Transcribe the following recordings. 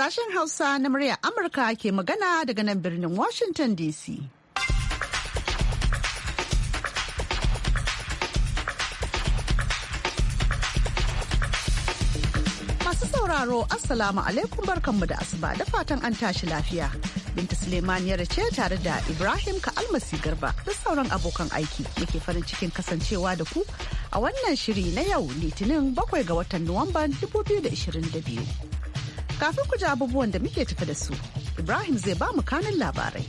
Sashen Hausa na muryar Amurka ke magana daga nan birnin Washington DC. Masu sauraro, Assalamu alaikum barkanmu da asuba da fatan an tashi lafiya. Binta Suleiman ya race tare da Ibrahim ka almasi Garba da sauran abokan aiki yake farin cikin kasancewa da ku a wannan shiri na yau Litinin bakwai ga watan Nuwamban 2022. Kafin ku ji abubuwan da muke tafi da su, Ibrahim zai ba mu kanin labarai.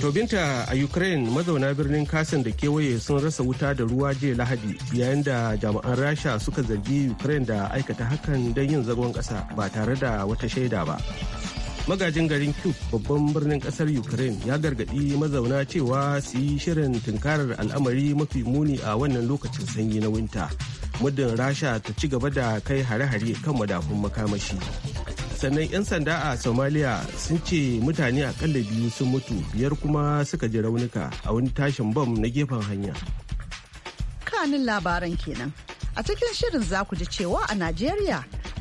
Tobinta a Ukraine mazauna birnin kasin da kewaye sun rasa wuta da ruwa jiya Lahadi yayin da jami'an Rasha suka zargi Ukraine da aikata hakan don yin zagon kasa ba tare da wata shaida ba. Magajin garin Kyiv babban birnin kasar Ukraine ya gargadi mazauna cewa su yi shirin tunkarar al'amari mafi muni a wannan lokacin sanyi na winta. Muddin Rasha ta ci gaba da kai hare-hare kan madafun makamashi. sannan 'yan sanda a somalia sun ce mutane akalla biyu sun mutu biyar kuma suka ji raunuka a wani tashin bam na gefen hanya kanin labaran kenan a cikin shirin za ku ji cewa a najeriya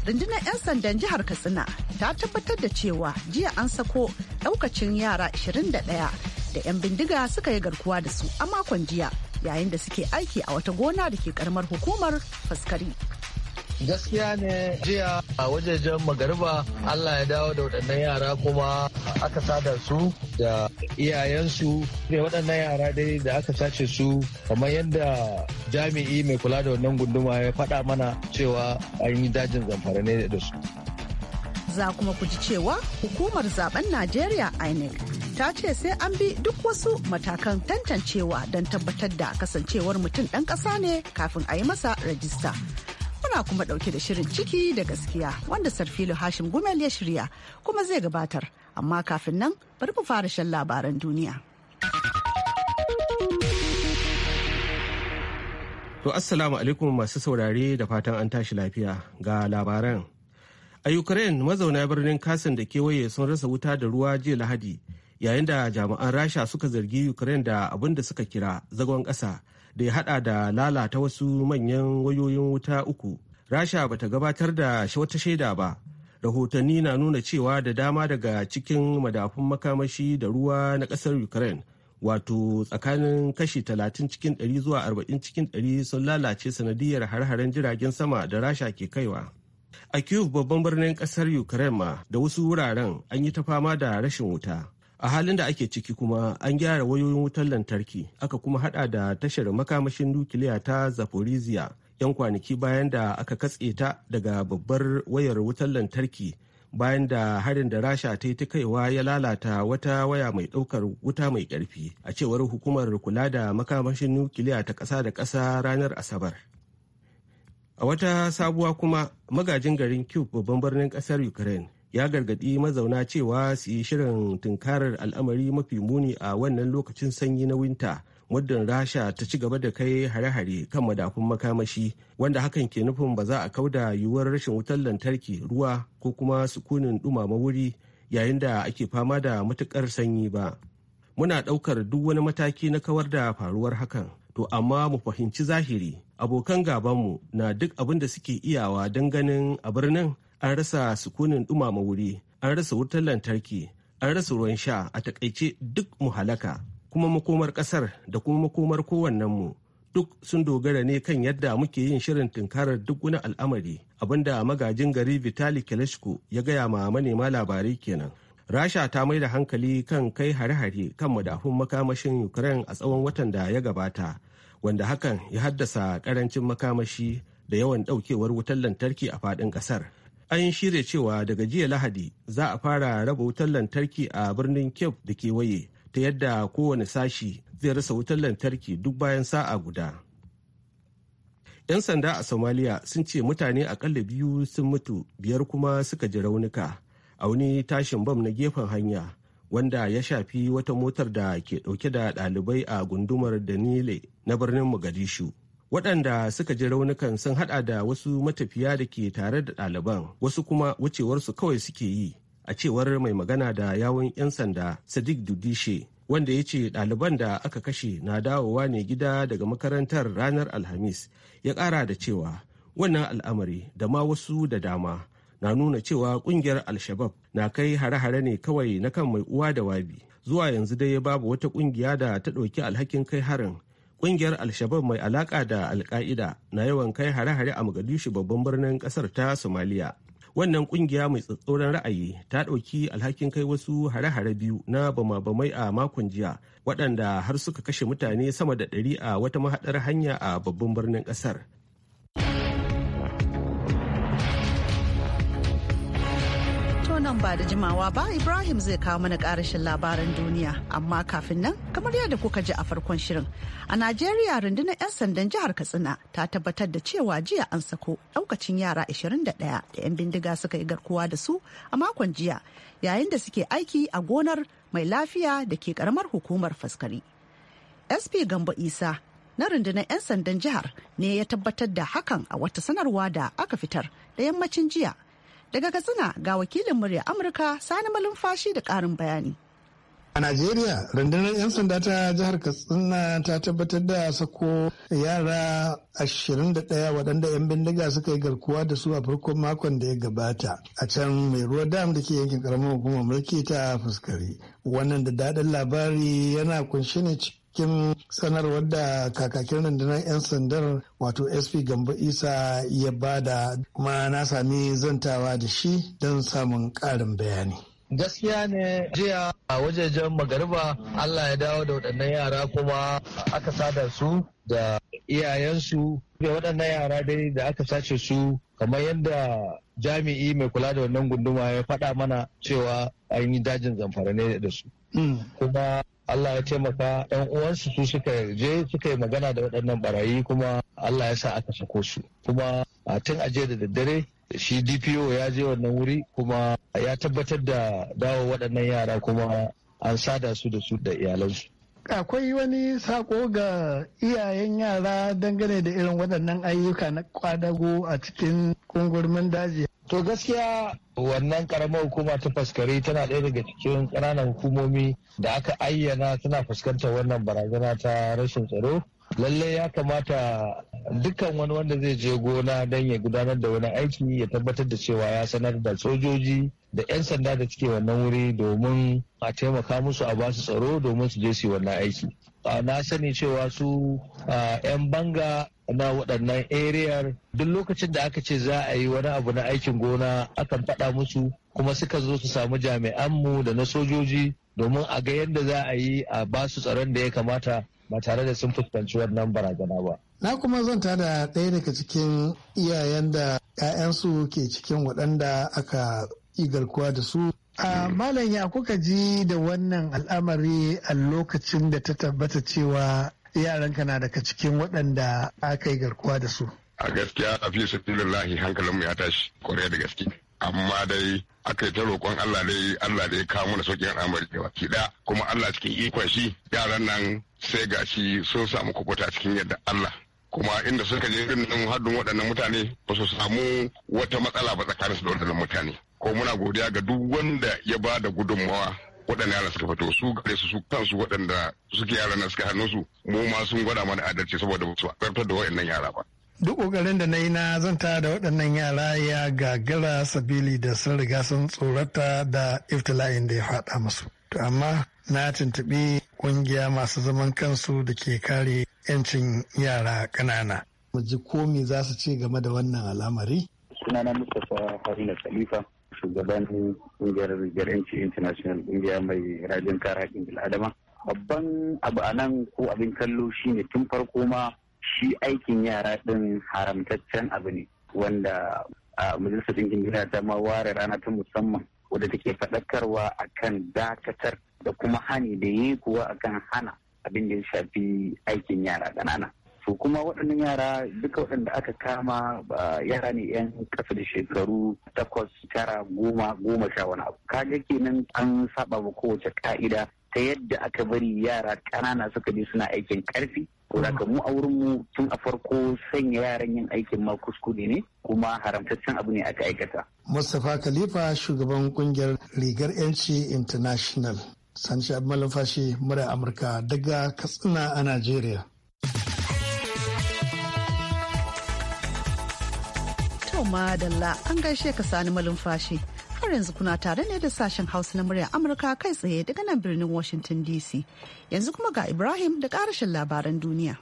rundunar 'yan sandan jihar katsina ta tabbatar da cewa jiya an sako daukacin yara 21 da 'yan bindiga suka yi garkuwa da su a makon jiya yayin da suke aiki a wata gona da ke karamar hukumar faskari. gaskiya ne jiya a wajejen magariba allah ya dawo da waɗannan yara kuma aka sada su da iyayensu ne waɗannan yara dai da aka sace su kamar yadda jami'i mai kula da wannan gunduma ya faɗa mana cewa an yi dajin zamfara ne da su za kuma ku ji cewa hukumar zaben najeriya inec ta ce sai an bi duk wasu matakan tantancewa don tabbatar da kasancewar mutum ɗan ƙasa ne kafin a yi masa rajista ana kuma dauke da shirin ciki da gaskiya wanda sarfilu hashim gumel ya shirya kuma zai gabatar amma kafin nan bari mu fara shan labaran duniya to assalamu alaikum masu saurare da fatan an tashi lafiya ga labaran a ukraine mazauna birnin kasan da kewaye sun rasa wuta da ruwa jiya lahadi yayin da jami'an rasha suka zargi ukraine da abin da suka kira zagon ƙasa da ya hada da lalata wasu manyan wayoyin wuta uku rasha bata gabatar da wata shaida ba rahotanni na nuna cewa da dama daga cikin madafun makamashi da ruwa na kasar ukraine wato tsakanin kashi 30 cikin 100 zuwa 40 cikin 100 sun lalace sanadiyar har-haren jiragen sama da rasha ke kaiwa a kyiv babban birnin kasar ukraine ma da wasu wuraren an yi ta fama da rashin wuta a halin da ake ciki kuma an gyara wayoyin wutar lantarki aka kuma hada da tashar makamashin nukiliya ta zaporizhia yan kwanaki bayan da aka katse ta daga babbar wayar wutar lantarki bayan da harin da rasha ta yi ta kaiwa ya lalata wata waya mai daukar wuta mai karfi a cewar hukumar kula da makamashin nukiliya ta ƙasa da ƙasa ranar asabar a wata sabuwa kuma magajin garin cube babban birnin ƙasar ukraine ya gargadi mazauna cewa su yi shirin tunkarar al'amari mafi muni a wannan lokacin sanyi na winta muddin rasha ta ci gaba da kai hare-hare kan madafun makamashi wanda hakan ke nufin ba za a kauda yiwuwar rashin wutar lantarki ruwa ko kuma sukunin dumama wuri yayin da ake fama da matukar sanyi ba muna ɗaukar duk wani mataki na kawar da faruwar hakan to amma mu fahimci zahiri abokan gabanmu na duk abin da suke iyawa don ganin a birnin an rasa sukunin dumama wuri an rasa wutar lantarki an rasa ruwan sha a takaice duk mu halaka kuma makomar kasar da kuma makomar mu. duk sun dogara ne kan yadda muke yin shirin tunkarar duk wani al'amari abinda magajin gari vitali klitschko ya gaya ma manema labarai kenan rasha ta mai da hankali kan kai hare-hare kan madafun makamashin ukraine a tsawon watan da ya gabata wanda hakan ya haddasa karancin makamashi da yawan daukewar wutar lantarki a faɗin ƙasar. an shirya cewa daga jiya lahadi za a fara raba wutar lantarki a birnin cape da kewaye ta yadda kowane sashi zai rasa wutar lantarki duk bayan sa'a guda yan sanda a Somalia sun ce mutane akalla biyu sun mutu biyar kuma suka ji raunuka a wani tashin bam na gefen hanya wanda ya shafi wata motar da ke dauke da dalibai a gundumar danile na birnin mogadishu waɗanda suka ji raunukan sun haɗa da wasu matafiya da ke tare da ɗaliban wasu kuma wucewarsu kawai suke yi a cewar mai magana da yawon 'yan sanda sadiq dudishe wanda ya ce ɗaliban da aka kashe na dawowa ne gida daga makarantar ranar alhamis ya kara da cewa wannan al'amari da ma wasu da dama na nuna cewa ƙungiyar alshabab na kai hare-hare ne kawai na kan mai uwa da wabi zuwa yanzu dai babu wata ƙungiya da ta ɗauki alhakin kai harin kungiyar alshabab mai alaka da alka'ida na yawan kai hare-hare a mogadishu babban birnin kasar ta somaliya wannan kungiya mai tsatsauran ra'ayi ta ɗauki alhakin kai wasu hare-hare biyu na bama-bamai a makon jiya waɗanda har suka kashe mutane sama da ɗari a wata mahaɗar hanya a babban birnin ƙasar nan ba da jimawa ba Ibrahim zai kawo mana karashin labaran duniya amma kafin nan kamar yadda kuka ji a farkon shirin. A Najeriya rundunar 'yan sandan jihar Katsina ta tabbatar da cewa jiya an sako daukacin yara 21 da 'yan bindiga suka yi garkuwa da su a makon jiya yayin da suke aiki a gonar mai lafiya da ke karamar hukumar faskari. SP Gambo Isa na rundunar 'yan sandan jihar ne ya tabbatar da hakan a wata sanarwa da aka fitar da yammacin jiya Daga Katsina ga wakilin murya Amurka Sani Malumfashi da karin bayani. A Najeriya, rundunar 'yan sanda ta jihar Katsina ta tabbatar da sako yara 21 waɗanda 'yan bindiga suka yi garkuwa da su a farkon makon da ya gabata a can mai ruwa dam da ke yankin karamar hukumar mulki ta fuskari. Wannan da daɗin labari yana kunshi ne cikin sanarwar da kakakin rundunar 'yan sandar wato sp gambo isa ya bada kuma na sami zantawa da shi don samun ƙarin bayani gaskiya ne jiya a wajejen magariba allah ya dawo da waɗannan yara kuma aka sada su da iyayensu da waɗannan yara dai da aka sace su kamar yadda jami'i mai kula da wannan gunduma ya faɗa mana cewa an dajin zamfara ne da su mm. kuma Allah ya taimaka ɗan uwansu su suka je suka yi magana da waɗannan barayi kuma Allah ya sa aka sako su kuma a tun aje da daddare shi DPO ya je wannan wuri kuma ya tabbatar da dawo waɗannan yara kuma an sada su da su da iyalansu. akwai wani sako ga iyayen yara dangane da irin waɗannan ayyuka na kwadago a cikin kungurmin daji To gaskiya wannan karamar hukuma ta faskare tana ɗaya daga cikin ƙananan hukumomi da aka ayyana tana fuskantar wannan barazana ta rashin tsaro. Lallai ya kamata dukkan wani wanda zai je gona don ya gudanar da wani aiki ya tabbatar da cewa ya sanar da sojoji da 'yan sanda da suke wannan wuri domin a taimaka musu a basu tsaro domin su je su yi wannan aiki. na sani cewa su 'yan banga na waɗannan ariyar duk lokacin da aka ce za a yi wani abu na aikin gona akan faɗa musu kuma suka zo su samu jami'anmu da na sojoji domin a ga yadda za a yi a ba su tsaron da ya kamata ba tare da sun fuskanci wannan barazana ba. Na kuma zan tada ɗaya daga cikin iyayen da 'ya'yansu ke cikin waɗanda aka garkuwa da su A Malam ya kuka ji da wannan al'amari a lokacin da ta tabbata cewa yaranka na daga cikin waɗanda aka yi garkuwa da su. A gaskiya a fi hankalin hankalinmu ya tashi kwarai da gaske. Amma dai aka yi ta roƙon Allah dai Allah dai kawo mana sauƙin al'amari da baki ɗaya kuma Allah cikin ikon shi yaran nan sai gashi sun samu kubuta cikin yadda Allah kuma inda suka je irin nan haddun waɗannan mutane ba su samu wata matsala ba tsakanin su da waɗannan mutane ko muna godiya ga duk wanda ya ba da gudunmawa waɗanda yaran suka fito su gare su su kansu waɗanda suke yaran na suka hannu su mu ma sun gwada mana adalci saboda ba su karfar da waɗannan yara ba. Duk ƙoƙarin da na yi na zanta da waɗannan yara ya gagara sabili da sun riga sun tsorata da iftila'in da ya faɗa musu. To amma na tuntuɓi ƙungiya masu zaman kansu da ke kare 'yancin yara ƙanana. Mu ji ko me za su ce game da wannan al'amari? Sunana Mustapha Haruna Khalifa. shugaban kungiyar Garanci International kungiya mai rajin kare haƙƙin bil'adama. Babban abu a nan ko abin kallo shine tun farko ma shi aikin yara ɗin haramtaccen abu ne wanda a majalisar ɗinkin duniya ta ma ware rana ta musamman wadda take faɗakarwa akan dakatar da kuma hani da yi kuwa akan hana abin da ya shafi aikin yara ƙanana. to kuma waɗannan yara duka waɗanda aka kama yara ne 'yan ƙasa da shekaru takwas tara goma goma sha wani abu kaga kenan an saba ma kowace ka'ida ta yadda aka bari yara ƙanana suka je suna aikin ƙarfi mm. ka mu a mu tun a farko sanya yaran yin aikin ma kuskure ne kuma haramtaccen abu ne aka aikata. Mustapha Khalifa shugaban kungiyar Rigar 'Yanci International. Sanshi Abmalin Fashi mura Amurka daga Katsina a Najeriya. madalla an gaishe ka sani malumfashi har yanzu kuna tare ne da sashen hausa na murya amurka kai tsaye daga nan birnin washington dc yanzu kuma ga ibrahim da karashin labaran duniya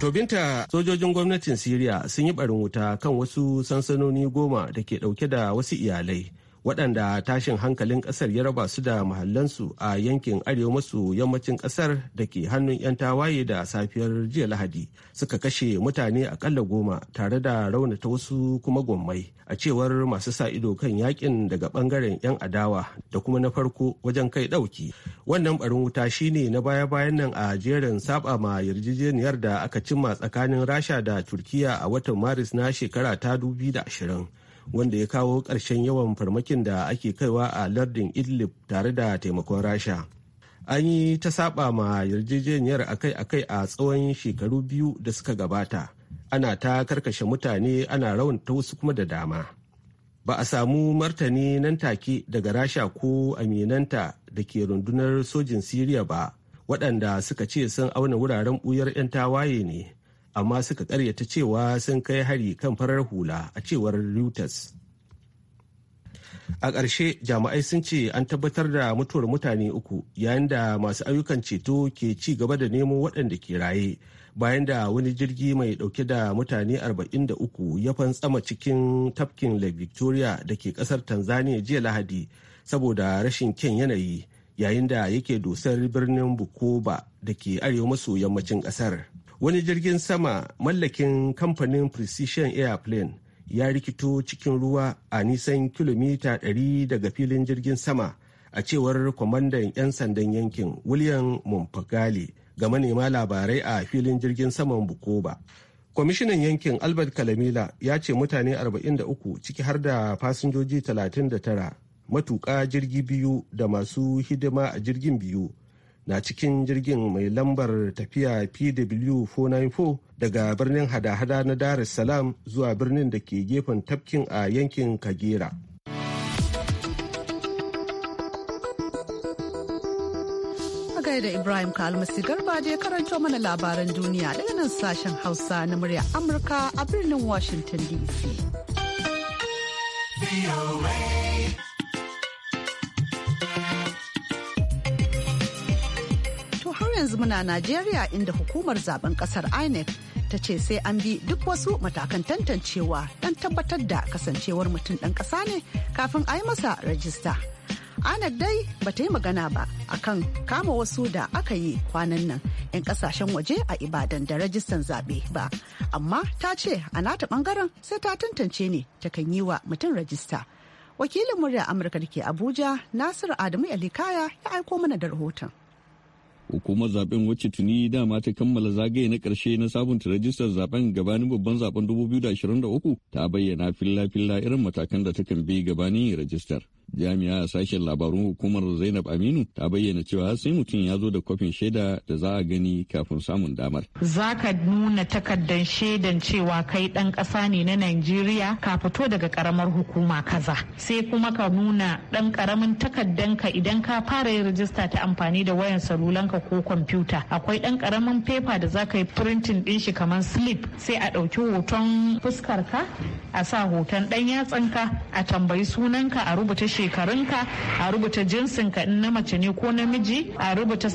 tobinta sojojin gwamnatin syria sun yi barin wuta kan wasu sansanoni goma da ke dauke da wasu iyalai waɗanda tashin hankalin ƙasar ya raba su da mahallansu a yankin arewa maso yammacin ƙasar da ke hannun 'yan tawaye da safiyar jiya lahadi suka kashe mutane aƙalla goma tare da raunata wasu kuma gwammai a cewar masu sa ido kan yakin daga ɓangaren 'yan adawa da kuma na farko wajen kai ɗauki wannan barin wuta shine na baya-bayan nan a jerin saba ma yarjejeniyar da aka cimma tsakanin rasha da turkiya a watan maris na shekara ta 2020 wanda ya kawo ƙarshen yawan farmakin da ake kaiwa a lardin idlib tare da taimakon rasha an yi ta saba ma yarjejeniyar akai-akai a tsawon shekaru biyu da suka gabata ana ta karkashe mutane ana raunta wasu kuma da dama ba a samu martani nan take daga rasha ko aminanta da ke rundunar sojin siriya ba waɗanda suka ce sun auna wuraren ɓuyar 'yan tawaye ne amma suka karyata cewa sun kai hari kan farar hula a cewar reuters a ƙarshe jami'ai sun ce an tabbatar da mutuwar mutane uku yayin da masu ayyukan ceto ke ci gaba da nemo waɗanda ke raye bayan da wani jirgi mai ɗauke da mutane 43 ya fantsama cikin tafkin lake victoria da ke ƙasar tanzania jiya lahadi saboda rashin kyan yanayi yayin da yake dosar birnin bukoba da ke arewa maso yammacin ƙasar wani jirgin sama mallakin kamfanin precision airplane ya rikito cikin ruwa a nisan kilomita 100 daga filin jirgin sama a cewar kwamandan 'yan sandan yankin william mumpagali ga manema labarai a filin jirgin saman bukoba kwamishinan yankin albert kalamila ya ce mutane 43 ciki har da fasinjoji 39 matuka jirgi biyu da masu hidima a jirgin biyu na cikin jirgin mai lambar tafiya pw494 daga birnin hada-hada na dar es salaam zuwa birnin da ke gefen tafkin a yankin kagera da Ibrahim Kalmasi Garba je karanto mana labaran duniya daga nan sashen Hausa na murya Amurka a birnin Washington DC. yanzu muna Najeriya inda hukumar zaben kasar INEC ta ce sai an bi duk wasu matakan tantancewa don tabbatar da kasancewar mutum ɗan ƙasa ne kafin a yi masa rajista. INEC dai ba ta yi magana ba akan kama wasu da aka yi kwanan nan 'yan kasashen waje a Ibadan da rajistan zaɓe ba. Amma ta ce a nata ɓangaren sai ta tantance ne ta kan yi wa mutum rajista. Wakilin murya Amurka da ke Abuja, Nasiru Adamu Alikaya ya aiko mana da rahoton. Hukumar zaben wacce tuni dama ta kammala zagaye na ƙarshe na sabunta rajistar zaben gabanin babban zaben 2023 ta bayyana filla-filla irin matakan da ta kan bi gabanin rajistar. jami'a a sashen labarun hukumar zainab aminu ta bayyana cewa sai mutum ya zo da kwafin shaida da za a gani kafin samun damar za ka nuna takardar shaidan cewa kai dan ƙasa ne na najeriya ka fito daga karamar hukuma kaza sai kuma ka nuna dan karamin ka idan ka fara yin rajista ta amfani da wayan salulanka ko kwamfuta akwai dan karamin fefa da za ka yi firintin din shi kamar slip sai a ɗauki hoton fuskar ka a sa hoton dan yatsanka a tambayi sunanka a rubuta shi shekarunka a rubuta jinsinka in na mace ne ko namiji a rubuta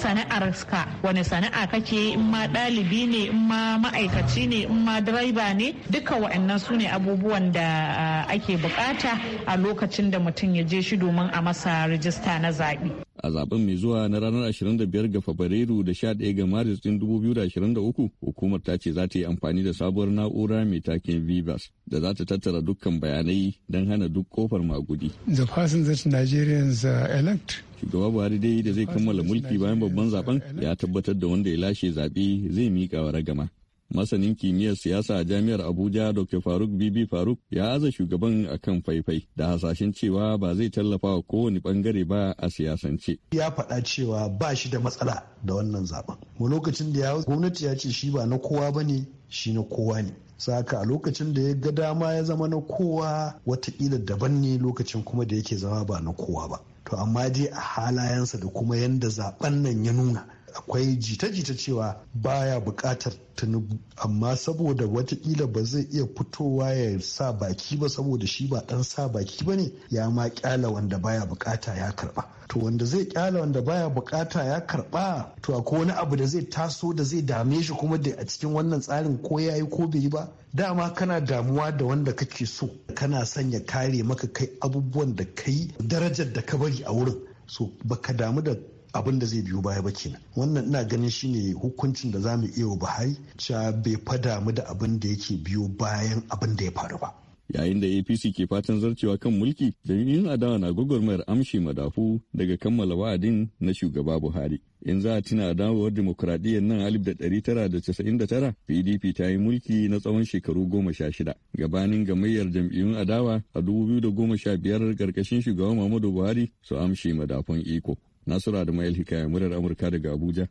ka wani sana'a kake in ma ɗalibi ne in ma ma'aikaci ne in ma direba ne duka wa'annan su ne abubuwan da ake bukata a lokacin da mutum ya je shi domin a masa rijista na zaɓe. a zaben mai zuwa na ranar 25 ga Fabrairu da 11 ga Maris din 2023 hukumar ta ce za ta yi amfani da sabuwar na'ura mai taken Vivas da za ta tattara dukkan bayanai don hana duk kofar magudi. The passengers Nigerians uh, elect shugaba buhari dai da zai kammala mulki bayan babban zaben ya tabbatar da wanda ya lashe zaɓe zai miƙa wa ragama masanin kimiyyar siyasa a jami'ar abuja dr faruk bibi faruk ya aza shugaban a kan faifai da hasashen cewa ba zai tallafa wa kowane bangare ba a siyasance ya faɗa cewa ba shi da matsala da wannan zaben mu lokacin da ya gwamnati ya ce shi ba na kowa ba ne shi na kowa ne saka a lokacin da ya ga dama ya zama na kowa watakila daban ne lokacin kuma da yake zama ba na kowa ba to amma dai a halayensa da kuma yadda zaben nan ya nuna akwai jita-jita cewa baya bukatar tinubu amma saboda watakila ba zai iya fitowa ya sa baki ba saboda shi ba dan sa baki ba ne ya ma kyala wanda baya bukata ya karba to wanda zai kyala wanda baya bukata ya karba to akwai wani abu da zai taso da zai dame shi kuma da a cikin wannan tsarin ko ya yi ko bai yi ba dama kana damuwa da wanda kake so kana sanya kare maka kai abubuwan da kai darajar da ka bari a wurin so baka damu da abin da zai biyo baya ba kenan wannan ina ganin shine hukuncin da za mu iya wa buhari cewa bai fada mu da abin da yake biyo bayan abin da ya faru ba yayin da apc ke fatan zarcewa kan mulki jam'iyyun adawa na gwagwarmayar amshi madafu daga kammala wa'adin na shugaba buhari in za a tuna dawowar dimokuraɗiyyar nan 1999 pdp ta yi mulki na tsawon shekaru goma sha shida gabanin gamayyar jam'iyyun adawa a 2015 karkashin shugaban muhammadu buhari su amshi madafun iko nasura da mayar hikaya murar amurka daga abuja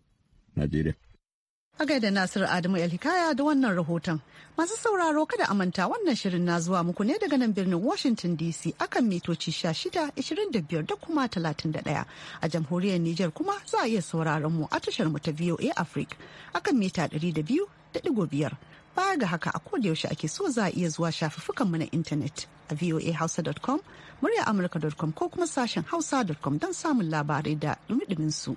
najeriya A gaida Nasir Adamu Hikaya da wannan rahoton. Masu sauraro kada a manta wannan shirin na zuwa muku ne daga nan birnin Washington DC akan mitoci 16, 25 da kuma 31. A jamhuriyar Nijar kuma za a iya sauraron mu a tashar mu ta VOA Africa akan mita da 200.5. Baya ga haka a koda yaushe ake so za a iya zuwa shafuffukan mu na intanet a voahausa.com, murya amurka.com ko kuma sashen hausa.com don samun labarai da dumi su.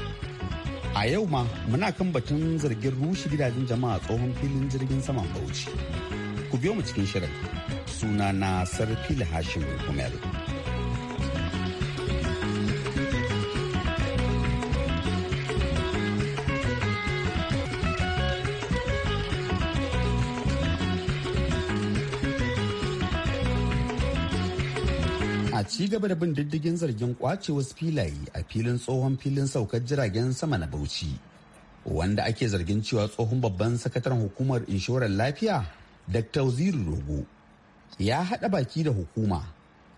a yau ma muna kan batun zargin rushe gidajen jama'a tsohon filin jirgin saman bauchi ku biyo mu cikin shirin suna na sarfil hashim kumel ci gaba da bin diddigin zargin kwace wasu filaye a filin tsohon filin saukar jiragen sama na Bauchi. Wanda ake zargin cewa tsohon babban sakataren hukumar inshorar lafiya, Dr. Uziru Rogo, ya haɗa baki da hukuma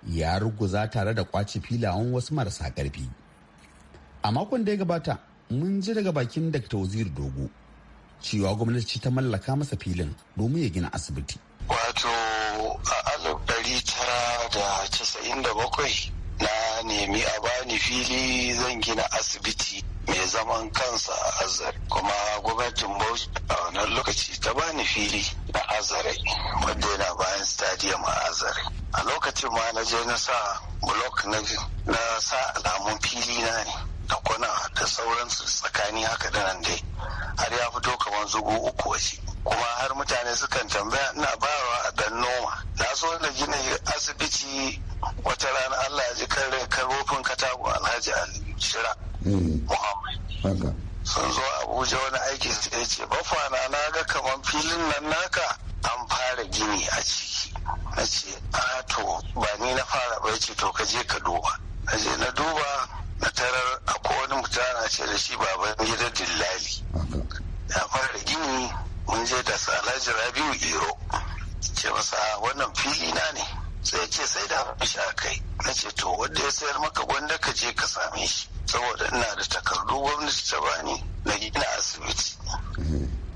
ya ruguza tare da kwace filayen wasu marasa karfi A makon da ya gabata, mun ji daga bakin Dr. Uziru Dogo cewa gwamnati ta mallaka masa filin domin ya gina asibiti. Wato a casa'in da bakwai na nemi a bani fili zan gina asibiti mai zaman kansa a azare kuma gwamnatin bauchi a wannan lokaci ta bani fili na azare wadda yana bayan stadium a azare a lokacin ma na je na sa blok na sa alamun fili na ne da kwana da sauransu tsakani haka da nan dai har ya fito kamar zugu uku waje kuma har mutane sukan tambaya ina bawa a dan noma na so na gina asibiti wata rana Allah ya ji karin karofin katako Alhaji Ali Shira hmm. Muhammad sun zo Abuja wani aiki sai ce bafana na ga kaman filin nan naka an fara gini a ciki na ce a to ba ni na fara ba ce to ka je ka duba na je na duba na tarar a wani mutane a ce da shi baban gidan dillali ya fara gini mun je da alhaji rabiu iro ce masa wannan fili na ne sai ce sai da shi a kai na ce to wanda ya sayar maka gwanda ka je ka same shi saboda ina da takardu gwamnati ta bani na gina asibiti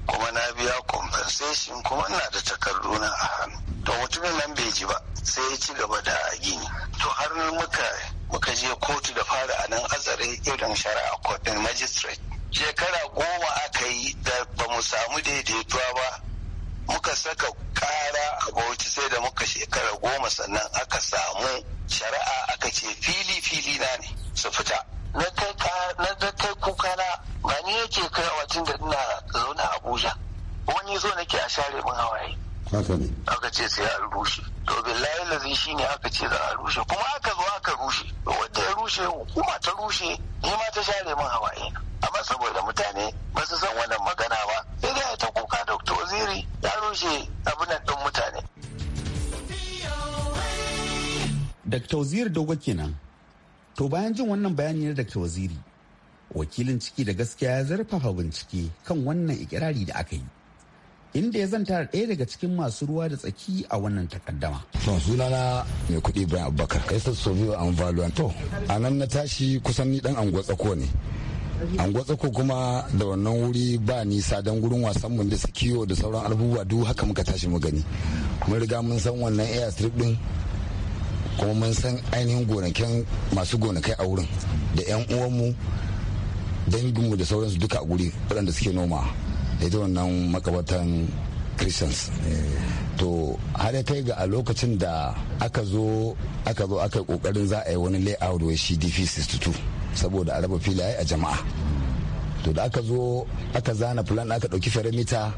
kuma na biya compensation kuma ina da takardu na a hannu to mutumin nan bai ji ba sai ya ci gaba da gini to har muka muka je kotu da fara a nan azare irin shari'a kotun magistrate shekara goma aka yi da ba mu samu daidaituwa ba muka saka kara a bauchi sai da muka shekara goma sannan aka samu shari'a aka ce fili fili na ne su fita na kai kuka na ba ni yake kai a da ina zaune a abuja wani zo nake a share min hawaye aka ce sai a rushe to billahi lazi shine aka ce za a rushe kuma aka zo aka rushe wanda ya rushe hukuma ta rushe ni ma ta share min hawaye amma saboda mutane ba su san wani Dr. Waziri Dogo kenan. To bayan jin wannan bayani na daga Waziri, wakilin ciki da gaskiya ya zarfafa bincike kan wannan ikirari da aka yi. inda ya zanta ɗaya daga cikin masu ruwa da tsaki a wannan takaddama. To sunana mai kuɗi bayan Abubakar kai sassa biyu an valuwan to a nan na tashi kusan ni dan anguwa tsako ne. Anguwa tsako kuma da wannan wuri ba nisa don gurin wasan mun da su kiwo da sauran abubuwa duk haka muka tashi mu gani. Mun riga mun san wannan air strip din kuma mun san ainihin gonakin masu gonakai a wurin da 'yan uwanmu danginmu da sauransu duka a guri waɗanda suke noma da ita wannan makabatan christians to har ya kai ga a lokacin da aka zo aka zo aka kokarin za a yi wani layout wai shi dp 62 saboda a raba filaye a jama'a to da aka zo aka zana plan aka dauki feramita.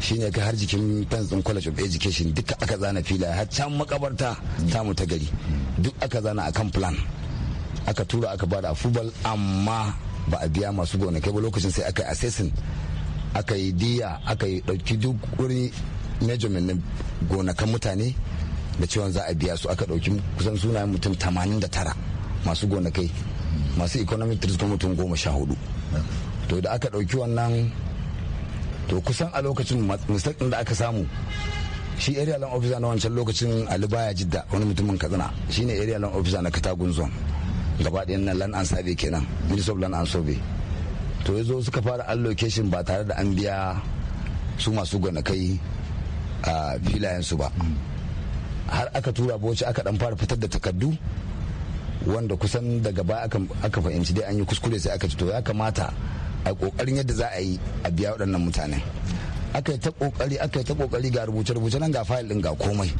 shine ka har jikin fence din college of education duka aka zana fila har can makabarta tamu ta gari duk aka zana akan plan aka tura aka bada fubal amma ba a biya masu gonakai ba lokacin sai aka yi assessing aka yi diya aka yi dauki duk wuri measurement na gonakan mutane da cewa za a biya su aka dauki kusan sunayen mutum 89 masu gonakai masu economic risk mutum goma sha hudu to da aka dauki wannan to kusan a lokacin mistake da aka samu shi area land officer na wancan lokacin alibaya jidda wani mutumin katsina shine area land officer na katagun zone gaba ɗayan na land and survey kenan ministry of land and survey to ya suka fara allocation ba tare da an biya su masu kai a filayensu ba har aka tura boci aka dan fara fitar da takardu wanda kusan daga baya aka fahimci dai an yi kuskure sai aka ci to ya kamata a kokarin yadda za a yi a biya waɗannan mutanen aka yi ta kokari aka yi ta kokari ga rubuce rubuce nan ga fayil din ga komai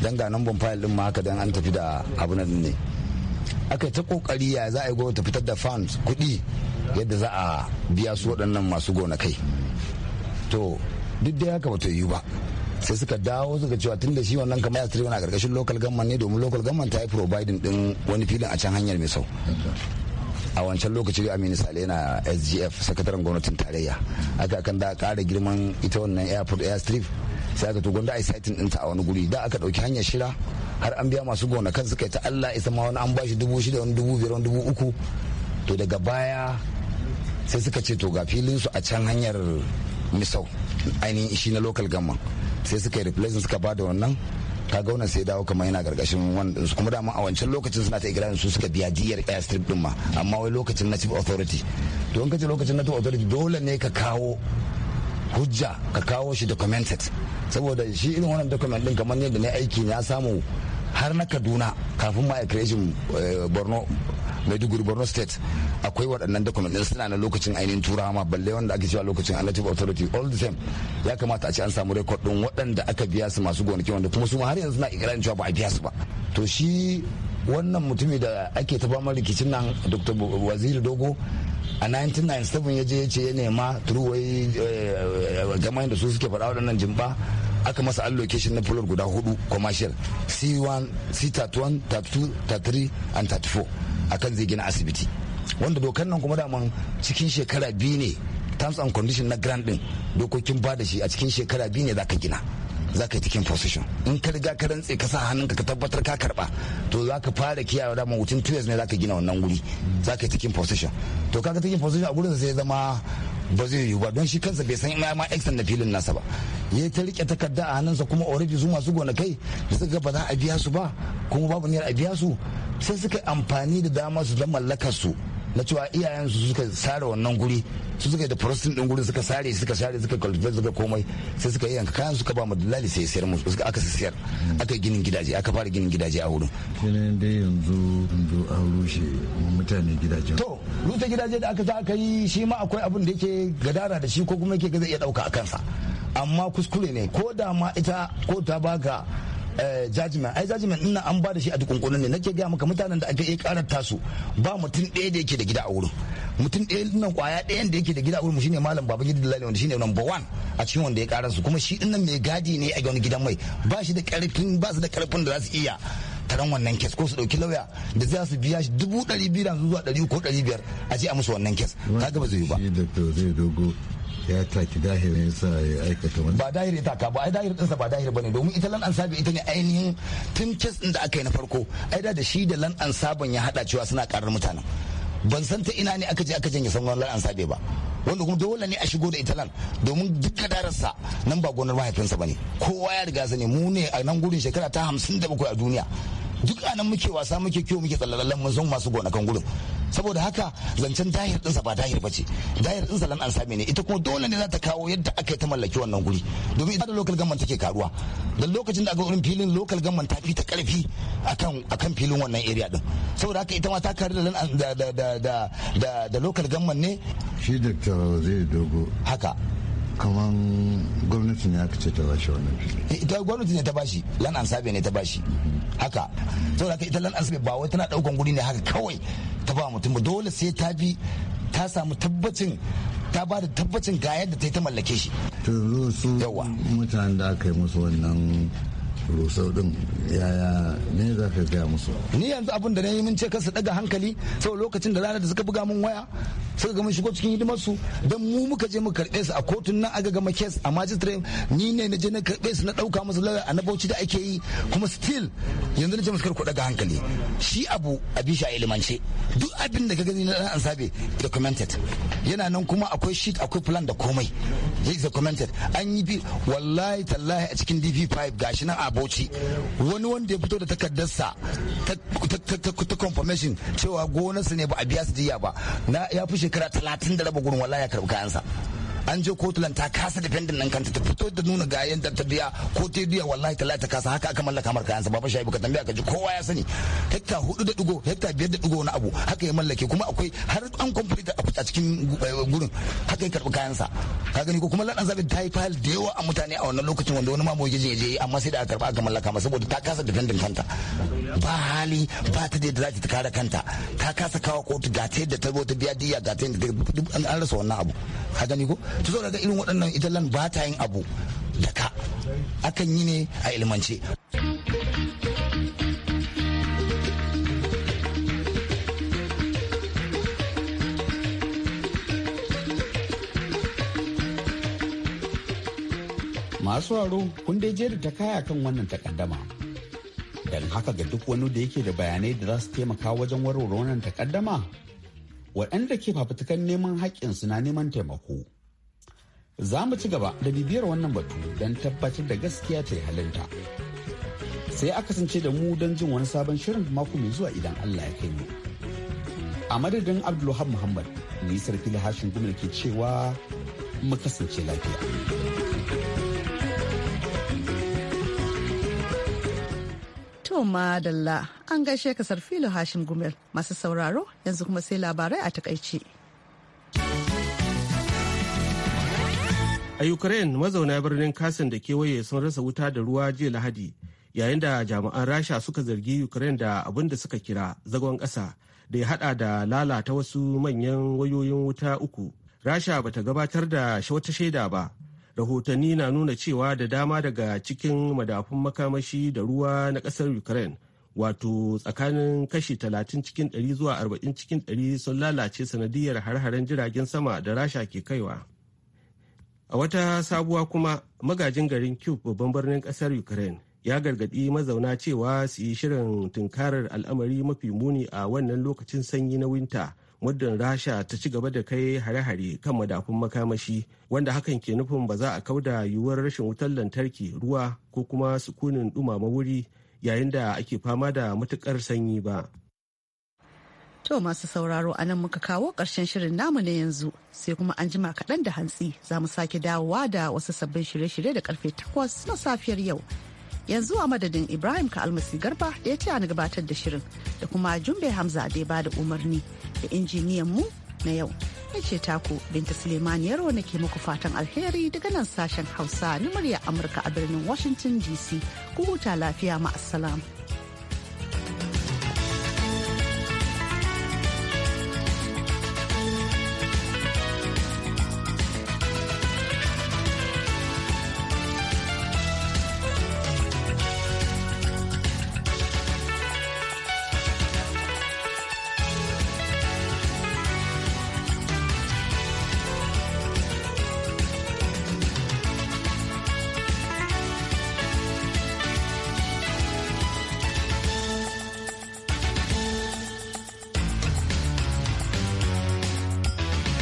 dan ga fayil din ma haka dan an tafi da abu nan ne aka yi ta kokari ya za a yi gwamnati fitar da funds kuɗi yadda za a biya su waɗannan masu gonakai to duk da haka bata yiwu ba sai suka dawo suka cewa tun da shi wannan kamar ya tsiri wani a ƙarƙashin local government ne domin local government ta yi providing din wani filin a can hanyar mai sau a wancan lokaci da aminu sale yana sgf sakataren gwamnatin tarayya aka kan da kara girman ita wannan airport airstrip sai aka to da a saitin ɗinta a wani guri da aka ɗauki hanyar shira har an biya masu gonakan suka yi ta allah isa ma wani an bashi dubu shida wani dubu biyar wani dubu uku to daga baya sai suka ce to ga filin su a can hanyar misau ainihin shi na local gamman sai suka yi replacement suka ba da wannan ga wannan sai dawo kamar yana gargashin wannan su kuma dama a wancan lokacin suna ta ikirarin su suka biya jiyar airstrip din ma amma wai lokacin na chief authority to in kace lokacin na chief authority dole ne ka kawo hujja ka kawo shi documented saboda shi irin wannan document din kamar yadda ne aiki ya samu har na kaduna kafin ma creation eh, borno maiduguri borno state akwai waɗannan document ɗin suna na lokacin ainihin turawa ma balle wanda ake cewa lokacin native authority all the same ya kamata a ce an samu rekod ɗin waɗanda aka biya su masu gonaki wanda kuma su ma har yanzu suna ikirarin cewa ba a biya su ba to shi wannan mutumi da ake ta rikicin nan dr waziri dogo a 1997 ya je ya ce ya nema turuwai jama'a eh, da su suke faɗa waɗannan jimba aka masa allocation na fulor guda hudu commercial c1 c31 32 33 and 34 akan zai gina asibiti wanda dokan nan kuma daman cikin shekara biyu ne terms and condition na grant din dokokin ba da shi a cikin shekara biyu ne za ka gina za ka yi cikin position in ka riga ka rantse ka sa hannunka ka tabbatar ka karba to za ka fara kiyaye daman wucin two years ne za ka gina wannan guri za ka yi cikin position to kaga cikin position a gurin sai zama ba zai yiwu ba don shi kansa bai san ma ma extend da filin nasa ba ya ta rike takarda a hannunsa kuma already su masu gonakai da suka ba za a biya su ba kuma babu niyyar a biya su sai suka amfani da dama su da mallakar su na cewa iyayensu suka sare wannan guri su suka yi da prostin din guri suka sare suka sare suka kalifar suka komai sai suka yanka kayan suka ba mu dalali sai sayar musu suka aka sayar aka ginin gidaje aka fara ginin gidaje a wurin kenan dai yanzu yanzu an rushe mutane gidajen to rushe gidaje da aka za aka yi shi ma akwai abin da yake gadara da shi ko kuma yake gaza iya dauka a kansa amma kuskure ne ko da ma ita ko ta baka eh, jajimen ai jajimen ina an ba da shi a dukunkunan ne nake gaya maka mutanen da aka iya karar tasu ba mutum ɗaya da yake da gida a wurin mutum ɗaya nan kwaya ɗaya da yake da gida a wurin shine malam baban gidan lalle wanda shine number one a cikin wanda ya karar su kuma shi dinnan mai gadi ne a wani gidan mai ba shi da karfin ba su da karfin da za su iya taron wannan kes ko su dauki lauya da za su biya shi dubu ɗari biyu zuwa ɗari ko ɗari biyar a ce a musu wannan kes kaga ba zai yi ba. ya taki dahir ya sa ya aikata wani ba dahiri ta ka ba ai dahir ɗinsa ba dahiri bane domin ita lan ansabi ita ne ainihin tun kes ɗin da aka yi na farko ai da shi da lan ansaban ya hada cewa suna karar mutanen ban san ta ina ne aka je aka janye san lan ansabe ba wanda kuma dole ne a shigo da italan domin duk kadararsa nan ba gonar mahaifinsa bane kowa ya riga sani mu ne a nan gurin shekara ta hamsin da bakwai a duniya duk anan muke wasa muke kiwo muke tsallalallen mun san masu gonakan gurin saboda haka zancen dahir dinsa ba dahir ba ce dahir dinsa lan an same ne ita kuma dole ne za ta kawo yadda aka yi ta mallaki wannan guri domin ita da local government take karuwa da lokacin da aka wurin filin local government ta fi ta karfi akan akan filin wannan area din saboda haka ita ma ta karu da da da da da local ne shi dr zai dogo haka kaman gwamnati ne aka ce ta bashi wannan fili eh, ita gwamnati ne ta bashi lan ansabe ne ta bashi haka saboda ita lan ansabe ba wai tana daukan guri ne haka kawai ta ba mutum ba dole sai ta bi ta samu tabbacin ta ba da tabbacin ga yadda ta yi ta mallake shi to su mutanen da aka yi musu wannan rusau din yaya ne za ka gaya musu ni yanzu abin da na yi mun ce kansu daga hankali sau lokacin da rana da suka buga mun waya suka gama shigo cikin hidimar su don mu muka je mu karbe su a kotun nan aga gama kes a magistrate ni ne na je na karbe su na ɗauka musu lawyer a na bauchi da ake yi kuma still yanzu na ce musu ku daga hankali shi abu a bisha ilimance duk abin da ka gani na an sabe documented yana nan kuma akwai sheet akwai plan da komai yake documented an yi bi wallahi tallahi a cikin dp5 gashi nan a bauchi wani wanda ya fito da takardarsa ta confirmation cewa gonarsa ne ba a biya su jiya ba ya fi shekara talatin da raba gurin wallahi ya karɓi kayansa an je kotulan ta kasa defendin nan kanta ta fito da nuna ga yanda ta biya ko ta biya wallahi ta ta kasa haka aka mallaka mar kayansa baba shaibu ka tambaya ka ji kowa ya sani hekta hudu da dugo hekta biyar da dugo na abu haka ya mallake kuma akwai har an complete a cikin eh, gurin haka ya karbi kayansa ka gani ko kuma ladan zabi ta yi file da yawa a mutane a wannan lokacin wanda wani mamu gijin ya je amma sai da aka karba aka mallaka masa saboda ta kasa defendin kanta ba hali ba ta da za ta kare kanta ta kasa kawo kotu ga ta yadda ta ta biya diya ga ta yadda an rasa wannan abu ka gani ko ta zo daga irin waɗannan italan ba ta yin abu da ka akan yi ne a ilmance masu haro kun dai jeri ta kaya kan wannan takaddama don haka ga duk wani da yake da bayanai da za su taimaka wajen warware wannan takaddama waɗanda ke fafutukan neman haƙƙinsu na neman taimako Za mu ci gaba da bibiyar wannan batu don tabbatar da gaskiya ta yi halinta. Sai a kasance da mu don jin wani sabon shirin mako mai zuwa idan Allah ya kai mu. A madadin Abdulwahab Muhammad, ni da hashin gumil ke cewa mu kasance lafiya. To madalla an gaishe ka sarfilo Hashim Gumel masu sauraro yanzu kuma sai labarai a takaice. a ukraine mazauna birnin kasan da kewaye sun rasa wuta da ruwa jiya lahadi yayin da jami'an rasha suka zargi ukraine da abin da suka kira zagon ƙasa da ya hada da lalata wasu manyan wayoyin wuta uku rasha bata gabatar da wata shaida ba rahotanni na nuna cewa da dama daga cikin madafun makamashi da ruwa na ƙasar ukraine wato tsakanin kashi 30 cikin 100 zuwa 40 cikin 100 sun lalace sanadiyar har-haren jiragen sama da rasha ke kaiwa a wata sabuwa kuma magajin garin Kyiv babban birnin ƙasar ukraine ya gargadi mazauna cewa su yi shirin tunkarar al'amari mafi muni a wannan lokacin sanyi na winta muddin rasha ta ci gaba da kai hare-hare kan madafun makamashi wanda hakan ke nufin ba za a da yiwuwar rashin wutar lantarki ruwa ko kuma sukunin dumama wuri yayin da ake fama da matukar sanyi ba To masu sauraro a nan muka kawo ƙarshen shirin namu na yanzu sai kuma an jima kaɗan da hantsi za mu sake dawowa da wasu sabbin shirye-shirye da karfe takwas na safiyar yau. Yanzu a madadin Ibrahim ka almasi garba da ya ce na gabatar da shirin da kuma Jumbe Hamza da ya bada umarni da injiniyan mu na yau. Ya ce taku Binta Suleiman Yaro na ke muku fatan alheri daga nan sashen Hausa na murya Amurka a birnin Washington DC. Ku huta lafiya ma'assalam.